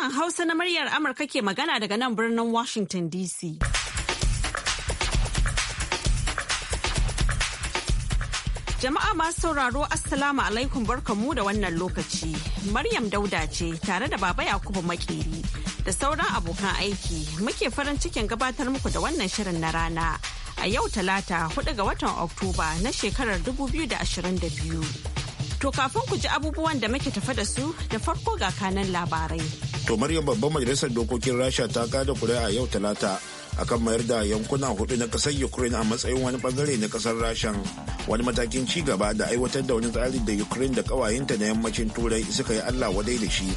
Sashen Hausa na muryar Amurka ke magana daga nan birnin Washington DC. Jama'a masu sauraro Assalamu alaikum barkamu da wannan lokaci. Maryam Dauda ce tare da Baba Yakubu Makeri da sauran abokan aiki muke farin cikin gabatar muku da wannan shirin na rana. A yau talata 4 ga watan Oktoba na shekarar 2022. To kafin ku ji abubuwan da muke tafa da su da farko ga kanan labarai. to maryam babban majalisar dokokin rasha ta kada a yau talata akan mayar da yankuna hudu na kasar ukraine a matsayin wani bangare na kasar rasha wani matakin ci gaba da aiwatar da wani tsari da ukraine da kawayenta na yammacin turai suka yi allah wadai da shi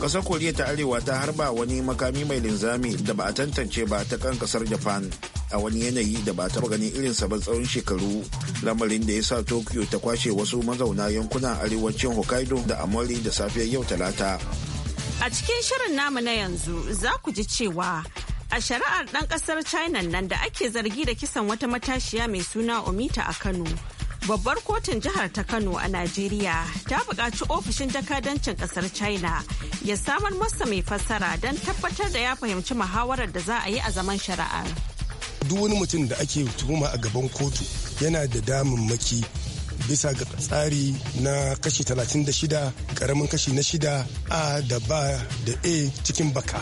kasar koriya ta arewa ta harba wani makami mai linzami da ba a tantance ba ta kan kasar japan a wani yanayi da ba taɓa ganin irinsa ba tsawon shekaru lamarin da ya sa tokyo ta kwashe wasu mazauna yankunan arewacin hokkaido da amori da safiyar yau talata A cikin shirin namu na yanzu za ku ji cewa a shari'ar ɗan ƙasar China nan da ake zargi da kisan wata matashiya mai suna Omita a Kano. Babbar kotun jihar ta Kano a Najeriya ta buƙaci ofishin jakadancin ƙasar China ya samar masa mai fassara don tabbatar da ya fahimci muhawarar da za a yi a zaman shari'ar. Duk wani mutum da ake tuhuma a gaban kotu yana da damammaki bisa ga tsari na kashi 36 karamin kashi na shida a da ba da a cikin baka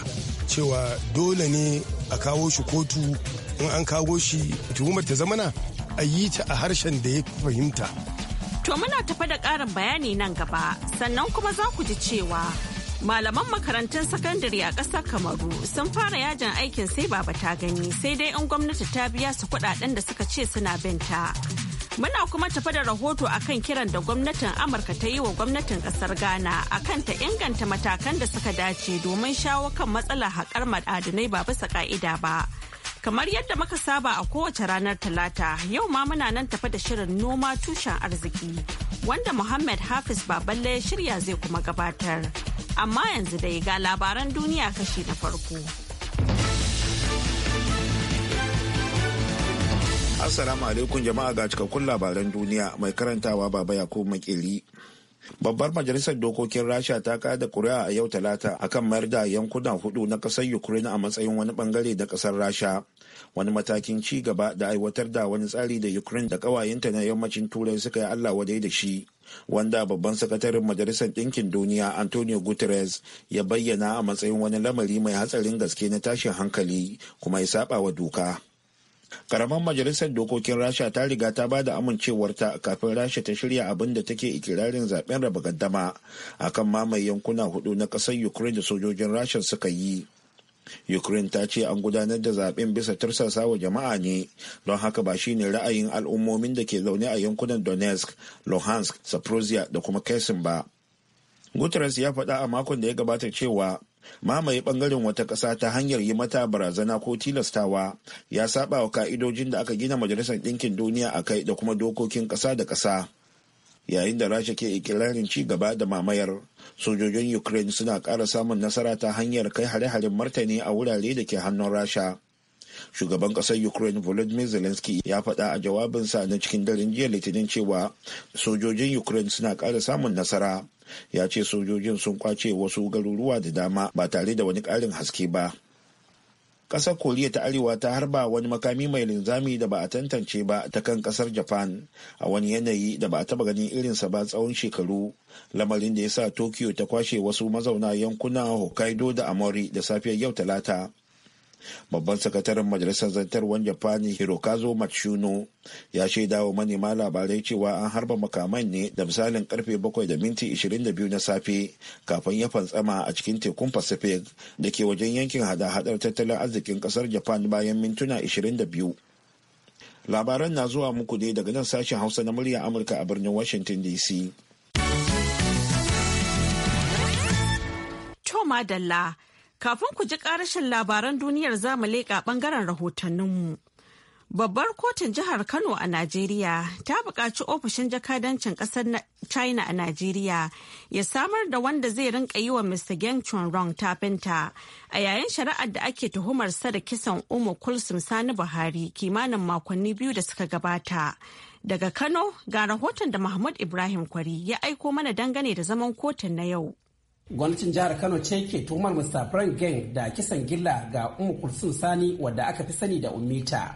cewa dole ne a kawo shi kotu in an kawo shi tuhumar ta zamana a yi ta a harshen da ya fahimta to muna tafa da ƙarin bayani nan gaba sannan kuma za ku ji cewa malaman makarantun sakandare a ƙasar kamaru sun fara yajin aikin sai baba ta gani sai dai in gwamnati ta biya su kuɗaɗen da suka ce suna binta Muna kuma tafa da rahoto akan kiran da gwamnatin Amurka ta yi wa gwamnatin kasar Ghana akan ta inganta matakan da suka dace domin shawo kan matsalar haƙar ma'adinai ba bisa ka'ida ba. Kamar yadda muka saba a kowace ranar Talata, yau ma muna nan tafa da shirin noma tushen arziki, wanda Muhammad Hafiz Baballe ya shirya zai kuma gabatar. Amma yanzu dai ga labaran duniya kashi na farko. Assalamu alaikum jama'a ga cikakkun labaran duniya mai karantawa baba Yakubu Makili. Babbar majalisar dokokin Rasha ta kada kuri'a a yau talata A kan mayar da yankunan hudu na kasar Ukraine a matsayin wani bangare da kasar Rasha. Wani matakin ci gaba da aiwatar da wani tsari da Ukraine da kawayenta na yammacin Turai suka yi Allah wadai da shi. Wanda babban sakataren majalisar ɗinkin duniya Antonio Guterres ya bayyana a matsayin wani lamari mai hatsarin gaske na tashin hankali kuma ya saba wa doka. karaman majalisar dokokin rasha ta riga ta ba da amincewarta kafin rasha ta shirya abin da take ikirarin zaben raba gaddama akan mamaye yankuna hudu na kasar ukraine da sojojin rasha suka yi ukraine ta ce an gudanar da zaben bisa tursasa wa jama'a ne don haka ba shine ra'ayin al'ummomin da ke zaune a yankunan donetsk luhansk saprosia da kuma kesin ba guterres ya faɗa a makon da ya gabata cewa mamaye bangaren wata ƙasa ta hanyar yi mata barazana ko tilastawa ya saba wa ka'idojin da aka gina majalisar ɗinkin duniya a kai da kuma dokokin ƙasa da ƙasa yayin da rasha ke ikirarin ci gaba da mamayar sojojin ukraine suna ƙara samun nasara ta hanyar kai hare-haren martani a wurare da ke hannun rasha shugaban ƙasar ukraine volodymyr zelensky ya faɗa a jawabinsa na cikin daren jiya litinin cewa sojojin ukraine suna ƙara samun nasara ya ce sojojin sun kwace wasu garuruwa da dama ba tare da wani ƙarin haske ba ƙasar koriya ta arewa ta harba wani makami mai linzami da ba a tantance ba ta kan ƙasar japan a wani yanayi da ba a taba ganin irinsa ba tsawon shekaru lamarin da ya sa tokyo ta kwashe wasu mazauna yankuna hokkaido da amori da safiyar yau talata babban sakataren majalisar wani japani hirokazo matsuno ya shaida wa manema labarai cewa an harba makaman ne da misalin karfe 7 da minti 22 na safe kafin ya fantsama a cikin tekun pacific da ke wajen yankin hada-hadar tattalin arzikin kasar japan bayan mintuna 22 labaran na zuwa muku ne daga nan sashen hausa na murya amurka a birnin washington dc to madalla Kafin ku ji ƙarashin labaran duniyar zamu leƙa ɓangaren rahotanninmu. Babbar kotun jihar Kano a Najeriya ta buƙaci ofishin jakadancin ƙasar China a Najeriya ya samar da wanda zai rinka yi wa Mr. Geng Chunrong tafinta a yayin shari'ar da ake tuhumar sa da kisan Umu Kulsum Sani Buhari kimanin makonni biyu da suka gabata. Daga Kano ga rahoton da Mahmud Ibrahim Kwari ya aiko mana dangane da zaman kotun na yau. gwamnatin jihar kano ce ke tuhumar mr frank geng da kisan gilla ga umu kulsun sani wadda aka fi sani da ummita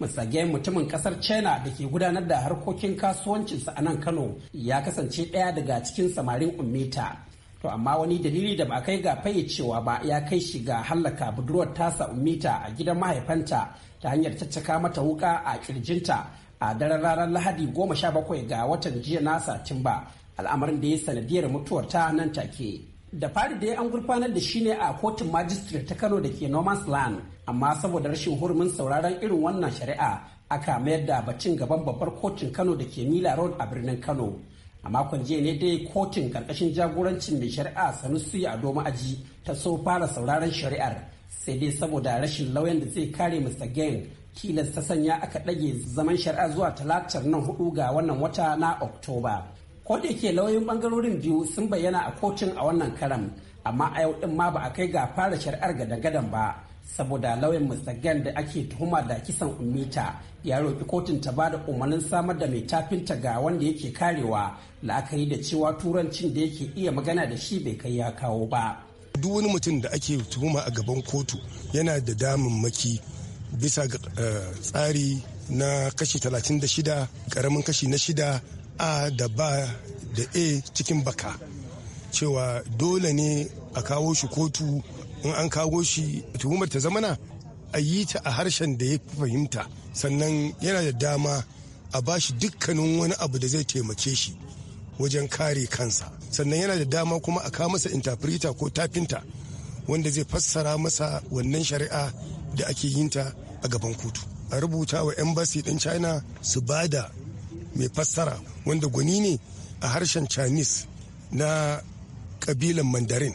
mr geng mutumin kasar china da ke gudanar da harkokin kasuwancinsa a nan kano ya kasance ɗaya daga cikin samarin ummita to amma wani dalili da ba kai ga cewa ba ya kai shi ga hallaka budurwar tasa ummita a gidan mahaifanta ta hanyar caccaka mata wuka a kirjinta a daren ranar lahadi 17 ga watan jiya na satumba al'amarin da ya sanadiyar mutuwar ta nan take da fari da ya an gurfanar da shi ne a kotun magistrate ta kano da ke noman's land amma saboda rashin hurumin sauraron irin wannan shari'a aka mayar da bacin gaban babbar kotun kano da ke mila road a birnin kano a makon jiya ne dai kotun karkashin jagorancin mai shari'a sanusi a doma aji ta so fara sauraron shari'ar sai dai saboda rashin lauyan da zai kare mr gang tilasta sanya aka ɗage zaman shari'a zuwa talatar nan hudu ga wannan wata na oktoba ko da yake lauyoyin bangarorin biyu sun bayyana a kotun a wannan karan amma a yau din ma ba a kai ga fara shari'ar gadan-gadan ba saboda lauyan mustagan da ake tuhuma da kisan ummita ya roƙi kotun ta ba da umarnin samar da mai tafinta ga wanda yake karewa la'akari da cewa turancin da yake iya magana da shi bai kai ya kawo ba duk wani mutum da ake tuhuma a gaban kotu yana da maki bisa ga eh, tsari na kashi 36 karamin kashi na shida a da ba da a cikin baka cewa dole ne a kawo shi kotu in an kawo shi tuhumar ta zamana a yi ta a harshen da ya fahimta sannan yana da dama a ba shi dukkanin wani abu da zai taimake shi wajen kare kansa sannan yana da dama kuma a kawo masa interpreter ko tafinta wanda zai fassara masa wannan shari'a da ake yinta a gaban kotu a rubuta wa embassy din china su bada mai fassara wanda gwani ne a harshen chinese na kabilan mandarin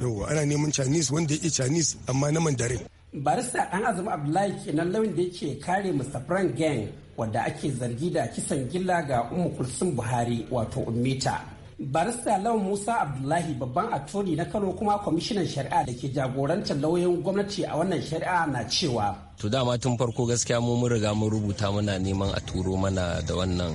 yauwa ana neman chinese wanda yake chinese amma na mandarin barista dan azumi abdullahi kenan launin da yake kare mr frank gang wadda ake zargi da kisan gilla ga umu kulsun buhari wato ummita barista lawan musa abdullahi babban attorney na kano kuma kwamishinan shari'a da ke jagorantar lauyan gwamnati a wannan shari'a na cewa to dama tun farko gaskiya mu mun riga mun rubuta muna neman a turo mana da wannan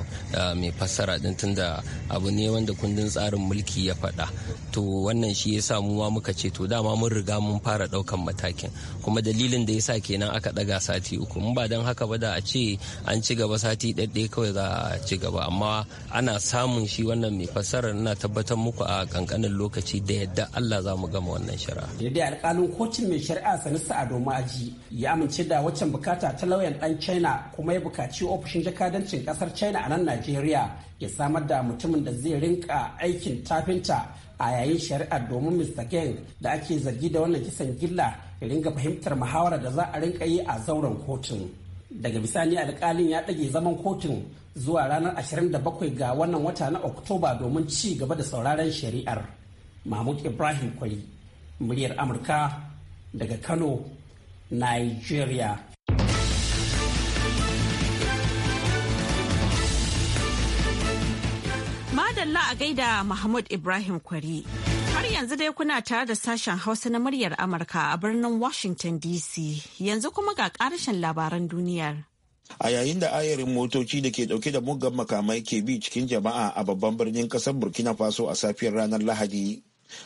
mai fassara din tunda abu ne wanda kundin tsarin mulki ya faɗa to wannan shi yasa mu ma muka ce to dama mun riga mun fara ɗaukan matakin kuma dalilin da ya sa kenan aka ɗaga sati uku mun ba don haka ba da a ce an ci gaba sati ɗaɗɗe kawai za a ci gaba amma ana samun shi wannan mai fassara na tabbatar muku a kankanin lokaci da yadda Allah za mu gama wannan shari'a. Yadda alƙalin kocin mai shari'a Sanusi Ado Ma'aji ya amince da da waccan bukata ta lauyan dan China kuma ya bukaci ofishin jakadancin ƙasar China a nan Najeriya ya samar da mutumin da zai rinka aikin tafinta a yayin shari'ar domin Mr. Geng da ake zargi da wannan kisan gilla ya ringa fahimtar muhawara da za a rinka yi a zauren kotun. Daga bisani alkalin ya ɗage zaman kotun zuwa ranar 27 ga wannan wata na Oktoba domin ci gaba da sauraron shari'ar. Mahmud Ibrahim Kwari, muryar Amurka daga Kano, Nigeria. Madalla a gaida Mahmud Ibrahim Kwari. Har yanzu dai kuna tare da sashen Hausa na muryar Amurka a birnin Washington DC. Yanzu kuma ga ƙarashin labaran duniyar. A yayin da ayarin motoci da ke dauke da muggan makamai ke bi cikin jama'a a babban birnin kasar Burkina Faso a safiyar ranar Lahadi,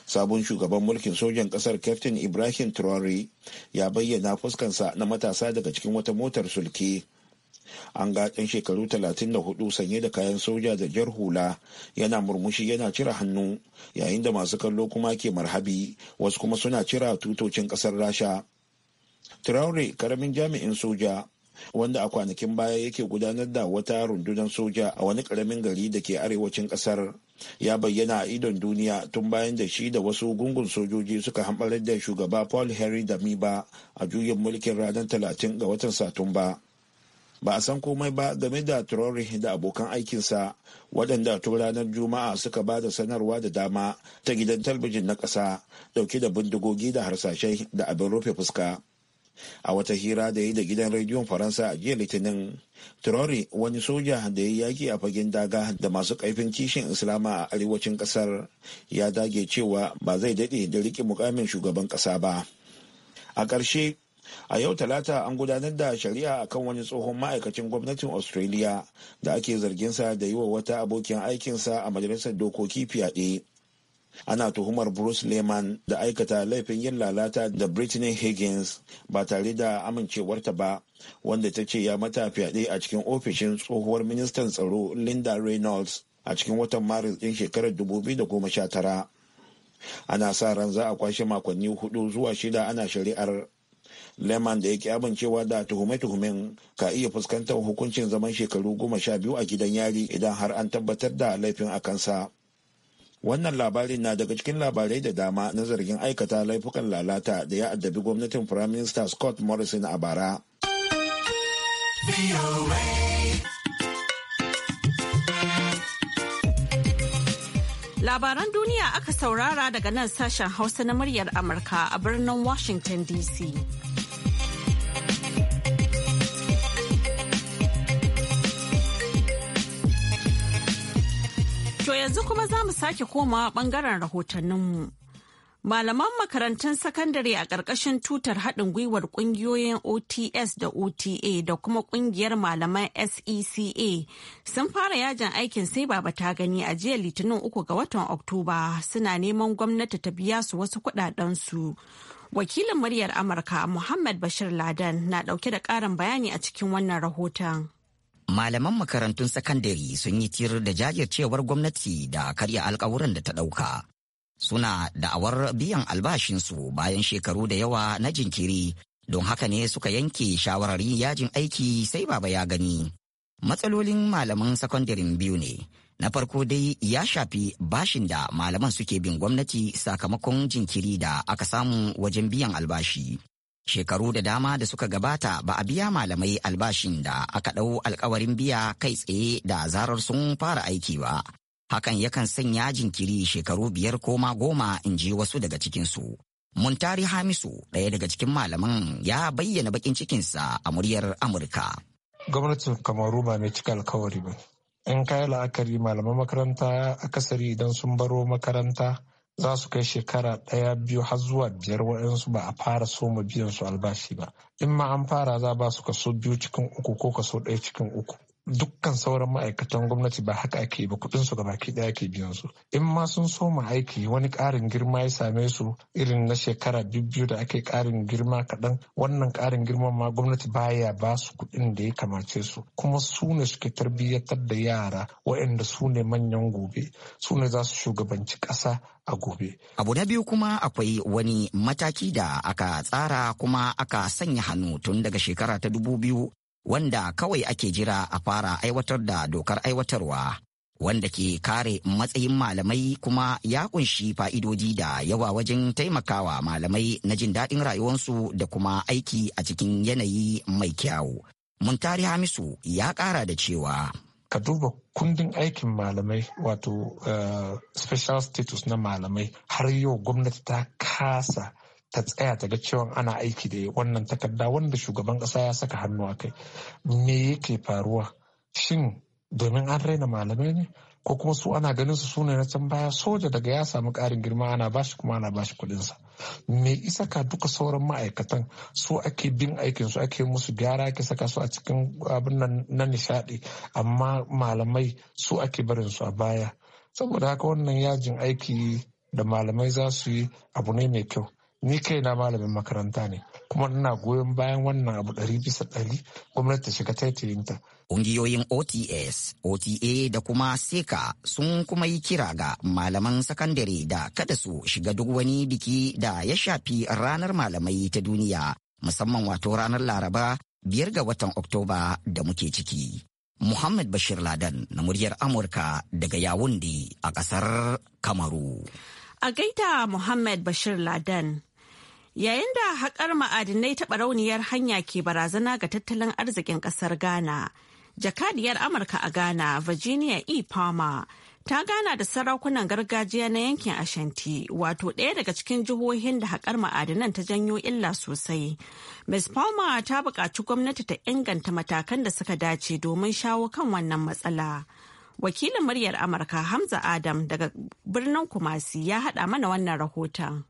sabon shugaban mulkin sojan kasar captain ibrahim traore ya bayyana fuskansa na matasa daga cikin wata motar sulke an ga ɗan shekaru 34 sanye da kayan soja da jar hula yana murmushi yana cire hannu yayin da masu kallo kuma ke marhabi wasu kuma suna cira tutocin ƙasar rasha traore karamin jami'in soja wanda a kwanakin baya yake gudanar da wata rundunar soja a wani ƙaramin gari da ke arewacin ƙasar. ya bayyana a idon duniya tun bayan da shi da wasu gungun sojoji suka hamɓar da shugaba paul henry da miba a juyin mulkin ranar talatin ga watan satumba ba a san komai ba game da Traore da abokan aikinsa waɗanda tun ranar juma'a suka ba da sanarwa da dama ta gidan talbijin na ƙasa ɗauke da bindigogi da harsashai da abin rufe fuska a wata hira da yi da gidan rediyon faransa a jiya litinin turori wani soja da ya yaki a fagen daga da masu kaifin kishin islama a arewacin kasar ya dage cewa ba zai daɗe da riƙe mukamin shugaban ƙasa ba a ƙarshe a yau talata an gudanar da shari'a akan wani tsohon ma'aikacin gwamnatin australia da ake zargin sa da yi wa wata abokin aikinsa a majalisar dokoki fyaɗe ana tuhumar bruce lehman da aikata laifin yin lalata da brittany higgins ba tare da amincewarta ba wanda ta ce ya mata fyaɗe a cikin ofishin tsohuwar ministan tsaro linda reynolds a cikin watan maris ɗin shekarar 2019 ana sa ran za a kwashe makonni hudu zuwa shida ana shari'ar lehman da yake amincewa da tuhume-tuhumen ka iya fuskantar hukuncin zaman shekaru goma sha biyu a gidan yari idan har an tabbatar da laifin a kansa wannan labarin na daga cikin labarai da dama na zargin aikata laifukan lalata da ya addabi gwamnatin prime minister scott morrison a bara labaran duniya aka saurara daga nan sashen hausa na muryar amurka a birnin washington dc To yanzu kuma za mu sake komawa bangaren rahotanninmu. Malaman makarantun sakandare a ƙarƙashin tutar haɗin gwiwar ƙungiyoyin OTS da OTA da kuma ƙungiyar malaman SECA sun fara yajin aikin sai baba ta gani a jiya litinin uku ga watan Oktoba suna neman gwamnati ta biya su wasu kuɗaɗensu. Wakilin muryar Amurka Muhammad Bashir Ladan na ɗauke da ƙarin bayani a cikin wannan rahoton. malaman makarantun sakandare sun yi tir da jajircewar gwamnati da karya alkawuran da ta ɗauka. Suna da'awar biyan albashinsu bayan shekaru da yawa na jinkiri, don haka ne suka yanke shawarar yin yajin aiki sai baba ya gani. Matsalolin malaman sakandaren biyu ne. Na farko dai ya shafi bashin da malaman suke bin gwamnati sakamakon jinkiri da aka samu wajen biyan albashi. Shekaru da dama da suka gabata ba a biya malamai albashin da aka ɗau alkawarin biya kai tsaye da zarar sun fara aiki ba. Hakan yakan sanya jinkiri shekaru biyar ko ma goma in ji wasu daga cikinsu. Muntari Hamisu ɗaya daga cikin malaman ya bayyana bakin cikinsa a muryar Amurka. Gwamnatin Kamaru ba mai cika alkawari ba. In kayi la'akari malaman makaranta akasari idan sun baro makaranta za su kai shekara ɗaya biyu har zuwa biyar waɗansu ba a fara soma biyan su albashi ba in ma an fara za ba su kaso biyu cikin uku ko kaso ɗaya cikin uku dukkan sauran ma'aikatan gwamnati ba haka ake ba kudin su gabaki daya ake biyan su in ma sun soma aiki wani karin girma ya same su irin na shekara biyu da ake karin girma kaɗan wannan karin girma ma gwamnati baya ba su kudin da ya kamace su kuma su ne suke tarbiyyatar da yara waɗanda su ne manyan gobe su ne za su shugabanci ƙasa a gobe. Abu na biyu kuma akwai wani mataki da aka tsara kuma aka sanya hannu tun daga shekara ta dubu biyu wanda kawai ake jira a fara aiwatar da dokar aiwatarwa wanda ke kare matsayin malamai kuma ya kunshi fa'idodi da yawa wajen taimakawa malamai na jin daɗin rayuwarsu da kuma aiki a cikin yanayi mai kyau. Muntari Hamisu ya ƙara da cewa. Ka duba kundin aikin malamai wato eh, special status na malamai har yau gwamnati ta kasa ta tsaya ta ga cewa ana aiki da wannan takarda wanda shugaban kasa ya saka hannu a kai me yake faruwa shin domin an raina malamai ne ko kuma su ana ganin su sune na can baya soja daga ya samu karin girma ana bashi kuma ana bashi kudin sa me isa ka duka sauran ma'aikatan su ake bin aikin su ake musu gyara ake saka su a cikin abin nan na nishadi amma malamai su ake barin su a baya saboda haka wannan yajin aiki da malamai za su yi abu ne mai kyau ni kai na malamin makaranta ne kuma ina goyon bayan wannan abu ɗari bisa ɗari gwamnati ta shiga ta. Ƙungiyoyin OTS, OTA da kuma SEKA sun kuma yi kira ga malaman sakandare da kada su shiga duk wani biki da ya shafi ranar malamai ta duniya musamman wato ranar Laraba biyar ga watan Oktoba da muke ciki. Muhammad Bashir Ladan na muryar Amurka daga Yawundi a ƙasar Kamaru. A gaita Muhammad Bashir Ladan. Yayin da haƙar ma'adinai ta barauniyar hanya ke barazana ga tattalin arzikin ƙasar Ghana, jakadiyar Amurka a Ghana, Virginia E. Palmer, ta gana da sarakunan gargajiya na yankin Ashanti, wato ɗaya daga cikin jihohin da haƙar ma'adinan ta janyo illa sosai. Ms. Palmer ta buƙaci gwamnati ta inganta matakan da suka dace domin shawo kan wannan matsala. Wakilin muryar Amurka Hamza Adam daga birnin Kumasi ya haɗa mana wannan rahoton.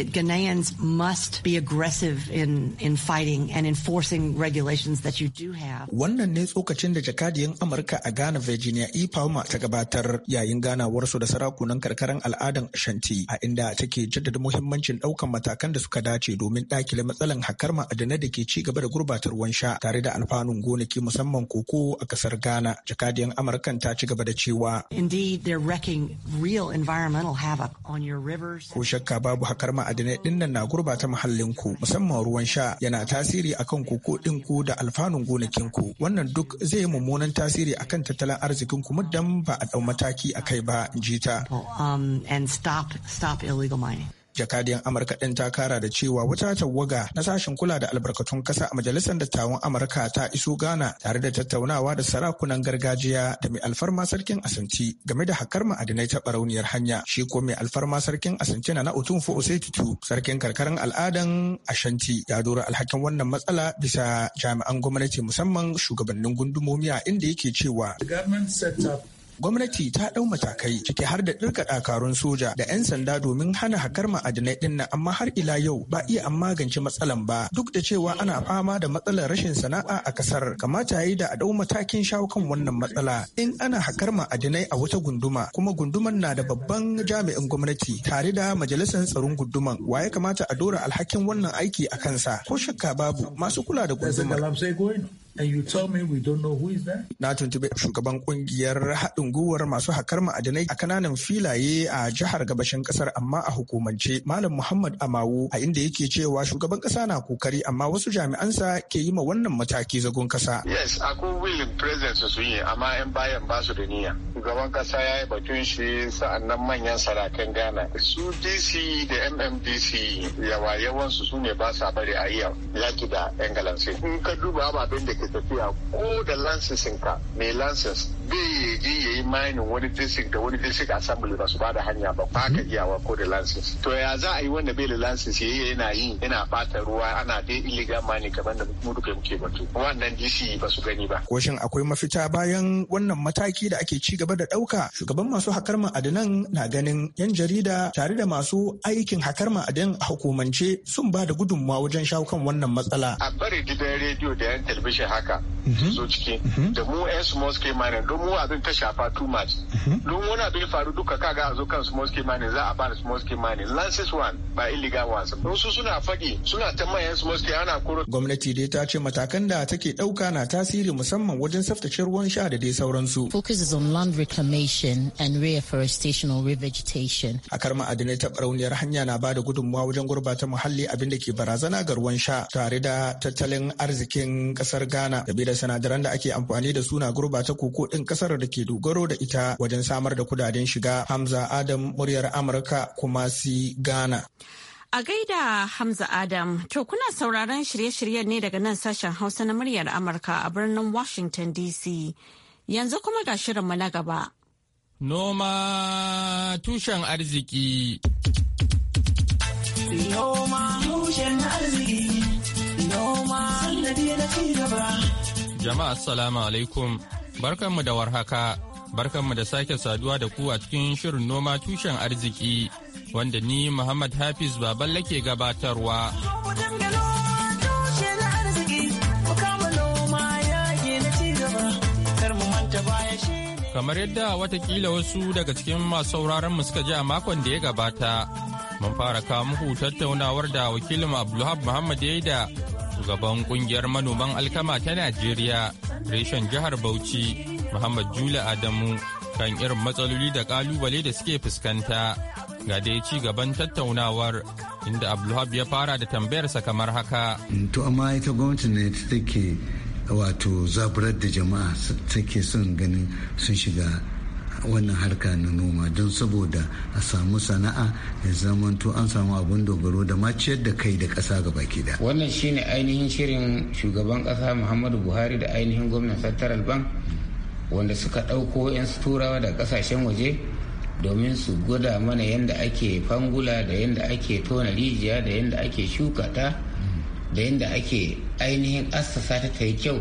that Ghanaians must be aggressive in, in fighting and enforcing regulations that you do have. Wannan ne tsokacin da jakadiyan Amurka a Ghana Virginia E. Palmer ta gabatar yayin ganawarsu da sarakunan karkaran al'adan Ashanti a inda take jaddada muhimmancin ɗaukan matakan da suka dace domin ɗakile matsalan hakar ma'adanai da ke ci gaba da gurbatar ruwan sha tare da alfanun gonaki musamman koko a kasar Ghana. Jakadiyan Amurkan ta ci gaba da cewa. Indeed, they're wrecking real environmental havoc on your rivers. Ko shakka babu hakar ma'adinai dinnan na gurbata muhallin ku musamman ruwan sha yana tasiri akan ku ko din ku da alfanun gonakin ku wannan duk zai yi mummunan tasiri akan tattalin arzikin ku muddan ba a dau mataki akai ba jita. ji oh, um, and stop stop illegal mining. jakadiyan amurka ɗin ta kara da cewa wata tawaga na sashen kula da albarkatun ƙasa a majalisar dattawan amurka ta iso ghana tare da tattaunawa da sarakunan gargajiya da mai alfarma sarkin asanti game da hakar ma'adinai ta barauniyar hanya shi ko mai alfarma sarkin asanti na na'utun fo sarkin karkarar al'adan ashanti ya dora alhakin wannan matsala bisa jami'an gwamnati musamman shugabannin gundumomi a inda yake cewa gwamnati ta ɗau matakai ciki har da ɗirka ɗakarun soja da 'yan sanda domin hana hakar ma'adinai ɗin nan amma har ila yau ba iya an magance matsalan ba duk da cewa ana fama da matsalar rashin sana'a a kasar kamata yi da a ɗau matakin shawo kan wannan matsala in ana hakar ma'adinai a wata gunduma kuma gunduman na da babban jami'in gwamnati tare da majalisar tsaron gunduman waye kamata a dora alhakin wannan aiki a kansa ko shakka babu masu kula da gunduma. and you tell me we don't know who is that? Na tuntuɓi shugaban kungiyar haɗin gwiwar masu hakar ma'adanai a kananan filaye a jihar gabashin ƙasar amma a hukumance Malam Muhammad Amawu a inda yake cewa shugaban ƙasa na kokari amma wasu jami'ansa ke yi ma wannan mataki zagon ƙasa. Yes, akwai willing presence su yi amma 'yan bayan ba su da niyya. Shugaban ƙasa ya yi batun shi sa'annan manyan sarakan Ghana. Su DC da MMDC yawa yawansu su ne ba sa bari a yi yaki da 'yan galansi. In ka duba abin da ke tafiya ko da lansisinka mai lansis ya je ya yi mining wani district da wani district assembly ba su ba da hanya ba ba ka mhm. iyawa ko da license to ya za a yi wanda bai da license ya yana yi yana fata ruwa ana dai illegal mining kamar da mu duka muke batu wannan DC ba su gani ba ko akwai mafita bayan wannan mataki da ake ci gaba da ɗauka, shugaban masu hakar ma'adanan na ganin yan jarida tare da masu aikin hakar ma'adan a hukumance sun ba da gudunmawa wajen shawo kan wannan matsala a bari gidan rediyo da yan talabijin haka mhm. zo ciki mhm. da mu yan su scale mining don mu abin ta shafa too much mhm. don wani abin faru duka kaga a zo kan small scale mining za a ba da small scale mining lances one ba illegal ones wasu suna faɗi suna ta mayan small scale ana koro gwamnati dai ta ce matakan da take ɗauka na tasiri musamman wajen tsaftace ruwan sha da dai sauransu focuses on land reclamation and reforestation or revegetation kar ma'adinai ta barauniyar hanya na bada gudunmawa wajen gurbata muhalli abin da ke barazana ga ruwan sha tare da tattalin arzikin kasar Ghana da da sinadaran da ake amfani da su na gurbata koko din kasar da ke dogaro da ita wajen samar da kudaden shiga Hamza Adam muryar Amurka kuma si Ghana. A gaida Hamza Adam, to kuna sauraron shirye-shiryen ne daga nan sashen Hausa na muryar Amurka a birnin Washington DC. Yanzu kuma ga shirin mu na gaba. Noma tushen arziki. Noma tushen arziki. Noma na ci gaba. Jama'a salamu alaikum. Barkanmu da warhaka, barkanmu da sake saduwa da ku a cikin shirin noma tushen arziki wanda ni Muhammad Hafiz Baballe ke gabatarwa. Kamar yadda watakila wasu daga cikin masu sauraron mu suka ji a makon da ya gabata, mun fara kawo muku tattaunawar da wakilin Abdulhab Muhammad ya yi da shugaban kungiyar manoman alkama ta Najeriya reshen jihar Bauchi Muhammad Jula Adamu kan irin matsaloli da kalubale da suke fuskanta ga dai ci gaban tattaunawar inda Abdulhab ya fara da tambayarsa kamar haka. To amma ita gwamnati ne take wato zaburar da jama'a take son ganin sun shiga wannan harka na noma don saboda a samu sana'a da zamanto an samu abun dogaro da maciyar da kai da ƙasa gaba da. wannan shine ainihin shirin shugaban ƙasa muhammadu buhari da ainihin gwamnan central bank wanda suka ɗauko 'yan turawa da ƙasashen waje domin su gwada mana yadda ake fangula da yadda ake tona rijiya da yadda ake shuka ta da yadda ake ainihin assasa ta ta yi kyau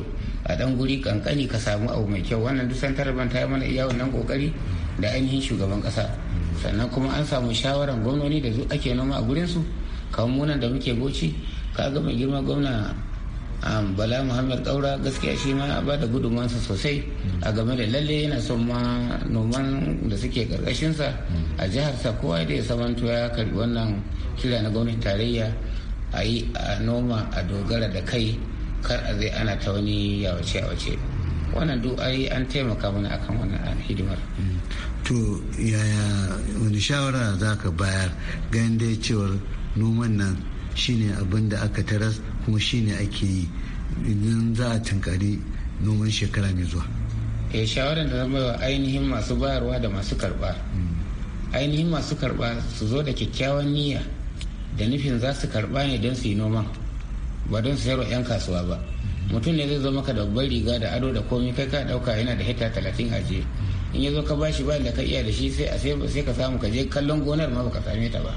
a ɗan guri kankani ka samu abu mai kyau wannan duk san ta yi mana iya wannan kokari da ainihin shugaban kasa sannan kuma an samu shawaran gwamnoni da ake noma a gurin su kamar munan da muke goci ka ga mai girma gwamna um, bala muhammad kaura gaskiya shi ma ba bada gudunmansa sosai a game da lalle yana son ma noman da suke karkashin sa a jihar sa kowa da ya samanto ya karbi wannan kira na gwamnatin tarayya a yi a noma a dogara da kai kar a zai ana ta wani yawace yawace wannan duk ai an taimaka mana akan wannan hidimar to yaya wani shawara za ka bayar ganin dai cewar noman nan shine abin da aka taras kuma shine ake yi idan za a tunkari noman shekara mai zuwa eh shawarar da zama wa ainihin masu bayarwa da masu karba hmm. ainihin masu karba su zo da kyakkyawan niyya da nufin za su karba ne don su yi noman ba don sayarwa 'yan kasuwa ba mutum ne zai zo maka da babbar riga da ado da komai kai ka dauka yana da hekta talatin a je in ya zo ka bashi ba da ka iya da shi sai a sai ka samu ka je kallon gonar ma baka same ta ba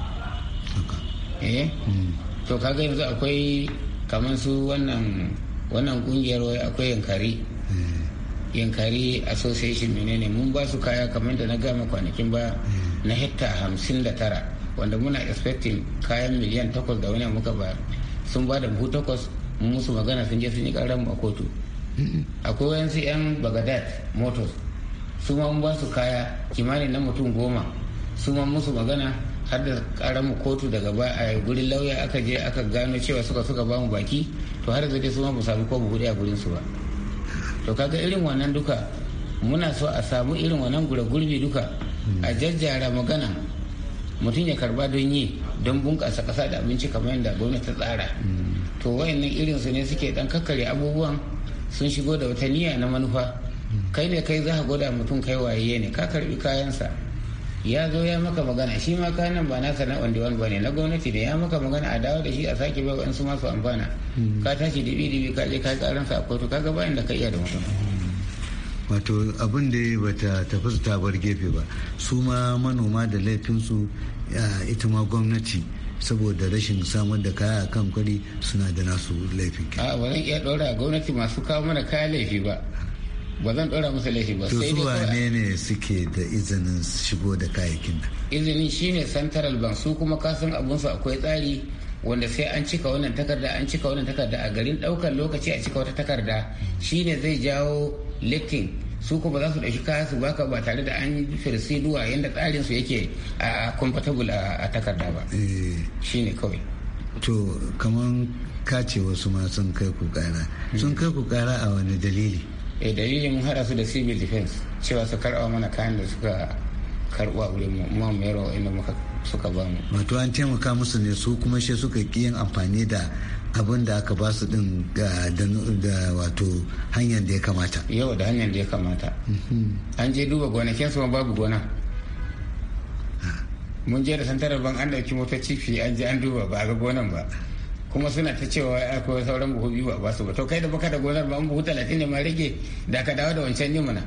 eh hmm. to kaga yanzu akwai kamar su wannan wannan kungiyar wai akwai yankari hmm. yankari association menene mun ba su kaya kamar da na gama kwanakin ba hmm. na hekta hamsin da tara wanda muna expecting kayan miliyan takwas da wani muka bayar sun ba da buhu takwas musu magana sun je sun yi karan a kotu akwai wayansu yan bagadad motors su ma ba su kaya kimanin na mutum goma su ma musu magana har da mu kotu daga ba a gurin lauya aka je aka gano cewa suka suka ba mu baki to har da su ma ba samu ko buhu a gurin su ba to kaga irin wannan duka muna so a samu irin wannan gura gurbi duka a jajjara magana mutum ya karba don yi don bunkasa kasa da abinci kamar yadda gwamnati ta tsara to wayannan irin su ne suke dan kakkare abubuwan sun shigo da wata niyya na manufa kai ne kai za ka gwada mutum kai waye ne ka karbi kayansa ya zo ya maka magana shi ma kayan ba na sana wanda wani bane na gwamnati ne ya maka magana a dawo da shi a sake bai wa'ansu masu amfana ka tashi dibi dibi ka je ka karansa a kotu ka ga bayan ka iya da mutum wato abin da ba ta tafi ta bar gefe ba su ma manoma da laifinsu ita ma gwamnati saboda rashin samar da kaya a kan kwari suna da nasu laifin a ba zan iya ɗora gwamnati masu kawo mana kaya laifi ba ba zan ɗora musu laifi ba sai dai ne ne suke da izinin shigo da kayayyakin nan izinin shine central bank su kuma kasan abunsu akwai tsari wanda sai an cika wannan takarda an cika wannan takarda a garin ɗaukar lokaci a cika wata takarda shine zai jawo leaking su kuma za su ɗauki kaya su baka ba tare da an firsi duwa yadda tsarin su yake a comfortable a takarda ba eh. shine kawai to kaman ka ce wasu ma sun kai ku kara sun kai ku kara a wani dalili eh dalilin mun haɗa su da civil defense cewa su karɓa mana kayan da suka karɓo a wurin mu kuma mu yarwa inda muka suka ba mu. wato an taimaka musu ne su kuma shi suka yi yin amfani da abin da aka ba su din da wato hanyar da ya kamata yau da hanyar da ya kamata an je duba gonakin su babu gona mun je da santarar ban an ɗauki mota cifi an je an duba ba a ga gonan ba kuma suna ta cewa akwai sauran buhu biyu ba su ba to kai da baka da gonar ba an buhu talatin ne ma rage da ka dawo da wancan yi mana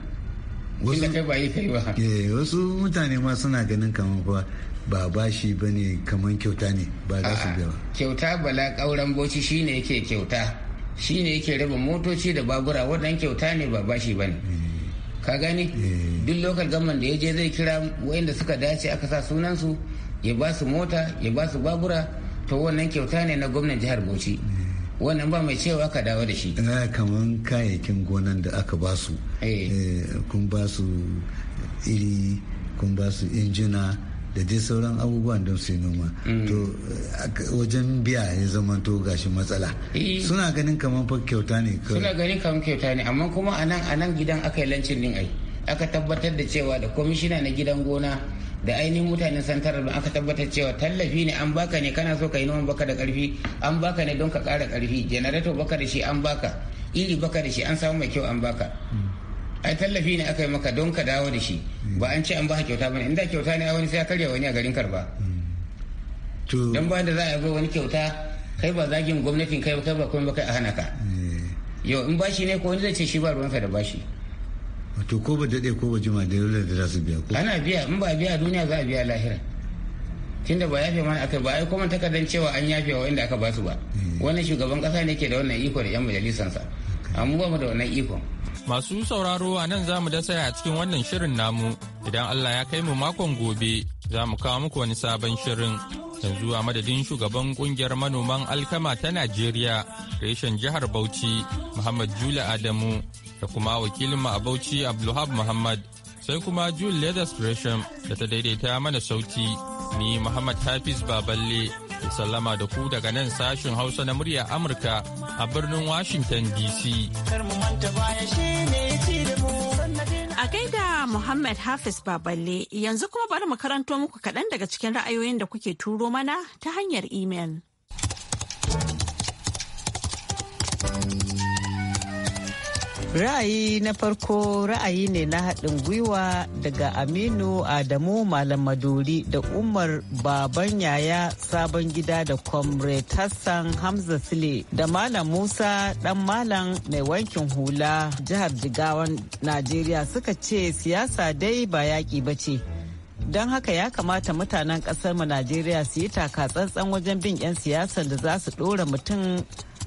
wasu kai ba yi kai ba eh, wasu mutane ma suna ganin kamar fa ba bashi ba ne kamar kyauta ne ba za su biya kyauta bala kauran boci shine yake kyauta shine yake raba motoci da babura waɗan kyauta ne ba bashi ba ne eh. ka gani eh. duk lokal gamman da ya je zai kira wayanda suka dace aka sa sunansu ya ba su mota ya ba su babura to wannan kyauta ne na gwamnan jihar bauchi wannan ba mai cewa ka dawo da shi na kaman kayayyakin gonan da aka ba su eh. Eh, kun ba su iri kun ba su injina da dai sauran abubuwan don su noma mm. to wajen biya ya zama to gashi matsala eh. suna ganin kamar fa kyauta ne suna ganin kamar kyauta ne amma kuma anan anan gidan aka yi lancin din ai aka tabbatar da cewa da kwamishina na gidan gona da ainihin mutanen santar da aka tabbatar cewa tallafi ne an baka ne kana so ka yi noman baka da karfi an baka ne don ka kara karfi janarato baka da shi an baka iri baka da shi an samu mai kyau an baka ai tallafi ne aka yi maka don ka dawo da shi ba an ce an baka kyauta bane inda kyauta ne a wani sai ya karya wani a garin karba don ba da za a yi wani kyauta kai ba zagin gwamnatin kai ba kai ba kuma kai a hana ka eh. yau in bashi ne ko wani zai ce shi ba ruwansa da bashi to ko ba daɗe ko ba jima da yau da za su biya ko ana biya in ba biya duniya za a biya lahira tunda ba yafe mana aka ba ai kuma takardar cewa an yafe wa inda aka ba su ba eh. wannan shugaban kasa ne ke da wannan iko da yan majalisansa amma ba mu da wannan iko. Masu sauraro a nan za mu da saya a cikin wannan shirin namu idan Allah ya kai mu makon gobe za mu kawo muku wani sabon shirin yanzu a madadin shugaban kungiyar manoman alkama ta najeriya reshen jihar bauchi muhammad jula adamu da kuma wakilin a bauchi abdulhab muhammad sai kuma jule leathers reshen da ta daidaita mana sauti ni muhammad hafiz baballe da sallama da ku daga nan sashen hausa na murya amurka a birnin washington dc Muhammad Hafiz Baballe yanzu kuma bari mu karanto muku kaɗan daga cikin ra'ayoyin da kuke turo mana ta hanyar imel. Ra'ayi na farko ra'ayi ne na haɗin gwiwa daga Aminu Adamu Malam Maduri da Umar Baban Yaya Sabon Gida da Comrade Hassan Hamza Sile da Malam Musa Ɗan Malam Mai Wankin Hula Jihar Jigawan Najeriya suka ce siyasa dai ba yaƙi ba ce. Don haka ya kamata mutanen ƙasarmu Najeriya su yi taka tsantsan wajen bin 'yan siyasar da za su ɗora mutum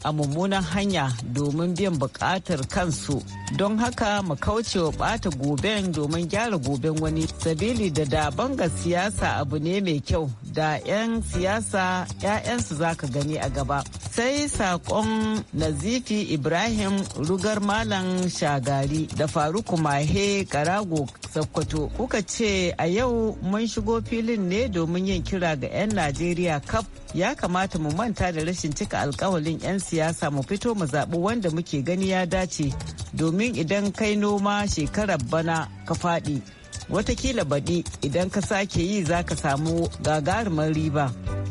a mummunan hanya domin biyan bukatar kansu don haka mu kaucewa bata goben domin gyara goben wani sabili da daban ga siyasa abu ne mai kyau da 'yan siyasa 'ya'yansu za ka gani a gaba sai sakon nazifi ibrahim rugar malam shagari da faruku mahe karago sakkwato kuka ce a yau mun shigo filin ne domin yin kira ga 'yan najeriya kaf ya kamata mu manta da rashin cika alkawalin 'yan siyasa mu fito mu zaɓi wanda muke gani ya dace domin idan kai noma shekarar bana ka faɗi watakila baɗi idan ka sake yi za ka samu gagarumar riba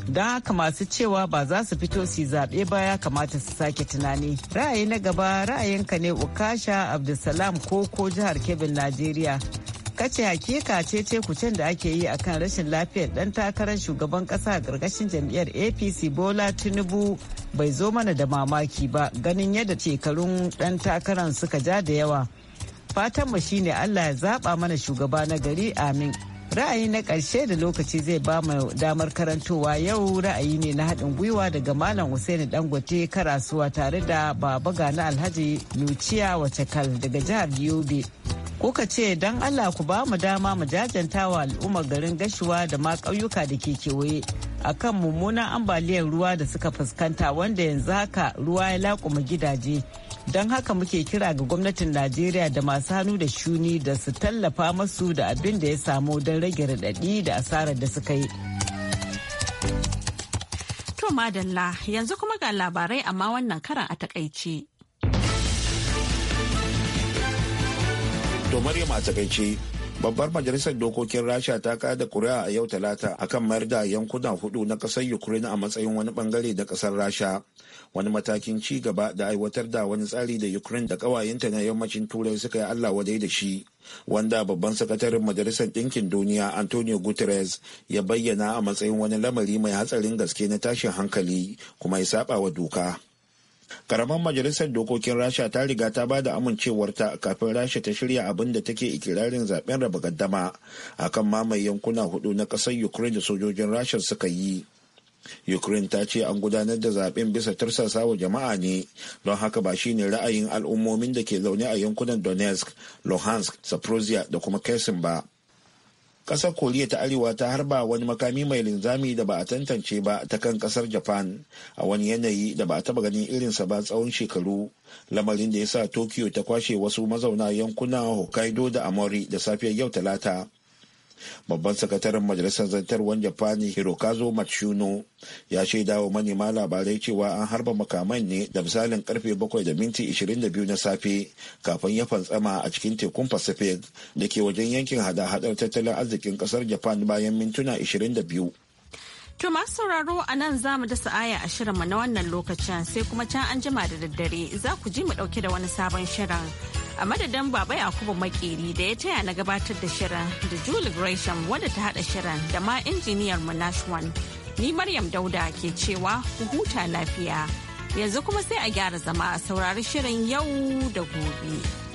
don haka masu cewa ba za su fito su zaɓe ba ya kamata su sake tunani ra'ayi na gaba ra'ayinka ne ukasha abdulsalam koko jihar kebin najeriya kace hakika cece kucin da ake yi akan rashin lafiyar dan takarar shugaban kasa a karkashin jam'iyyar apc bola tinubu bai zo mana da mamaki ba ganin yadda shekarun dan takarar suka ja da yawa fatan mu shine allah ya zaba mana shugaba na gari amin ra'ayi na ƙarshe da lokaci zai ba mu damar karantowa yau ra'ayi ne na haɗin gwiwa daga malam Hussaini dangote karasuwa tare da baba gani alhaji nuciya wacekal daga jihar yobe ko ka ce don Allah ku ba mu dama mu jajanta wa al'ummar garin gashuwa da ma ƙauyuka da ke kewaye a kan mummunan ambaliyar ruwa da suka fuskanta wanda yanzu haka ruwa ya laƙuma gidaje don haka muke kira ga gwamnatin najeriya da masu hannu da shuni da su tallafa masu da abin da ya samu don rage raɗaɗi da asarar da suka yi to madalla yanzu kuma ga labarai amma wannan karan a takaice. To Maryam a takaice babbar majalisar dokokin rasha ta kada kuri'a a yau talata akan mayar da yankunan hudu na kasar ukraine a matsayin wani bangare da kasar rasha wani matakin ci gaba da aiwatar da wani tsari da ukraine da kawayenta na yammacin turai suka yi allah wadai da shi wanda babban sakataren majalisar ɗinkin duniya antonio guterres ya bayyana a matsayin wani lamari mai hatsarin gaske na tashin hankali kuma ya saba wa doka karaman majalisar dokokin rasha ta riga ta ba da amincewarta kafin rasha ta shirya abin da take ikirarin zaben raba gaddama a kan mamaye yankuna hudu na ƙasar ukraine da sojojin rasha suka yi ukraine ta ce an gudanar da zaben bisa tursasa wa jama'a ne don haka ba shine ra'ayin al'ummomin da ke zaune a yankunan donetsk luhansk saprosia da kuma kesin ba kasar koriya ta arewa ta harba wani makami mai linzami da ba a tantance ba ta kan kasar japan a wani yanayi da ba a taba ganin irinsa ba tsawon shekaru lamarin da ya sa tokyo ta kwashe wasu mazauna yankuna hokkaido da amori da safiyar yau talata babban sakataren majalisar zartarwar japan hirokazo matsuno ya shaida wa manema labarai cewa an harba makaman ne da misalin karfe 7 da minti 22 na safe kafin ya fantsama a cikin tekun pacific da ke wajen yankin hada-hadar tattalin arzikin kasar japan bayan mintuna 22 To masu sauraro a nan za mu dasa aya a shirinmu na wannan lokacin sai kuma can an jima da daddare za ku ji mu ɗauke da wani sabon shirin. A madadin Baba Yakubu Makeri da ya taya na gabatar da shirin da Julie Gresham wadda ta haɗa shirin da ma injiniyar mu Nashwan. Ni Maryam Dauda ke cewa ku huta lafiya. Yanzu kuma sai a gyara zama a saurari shirin yau da gobe.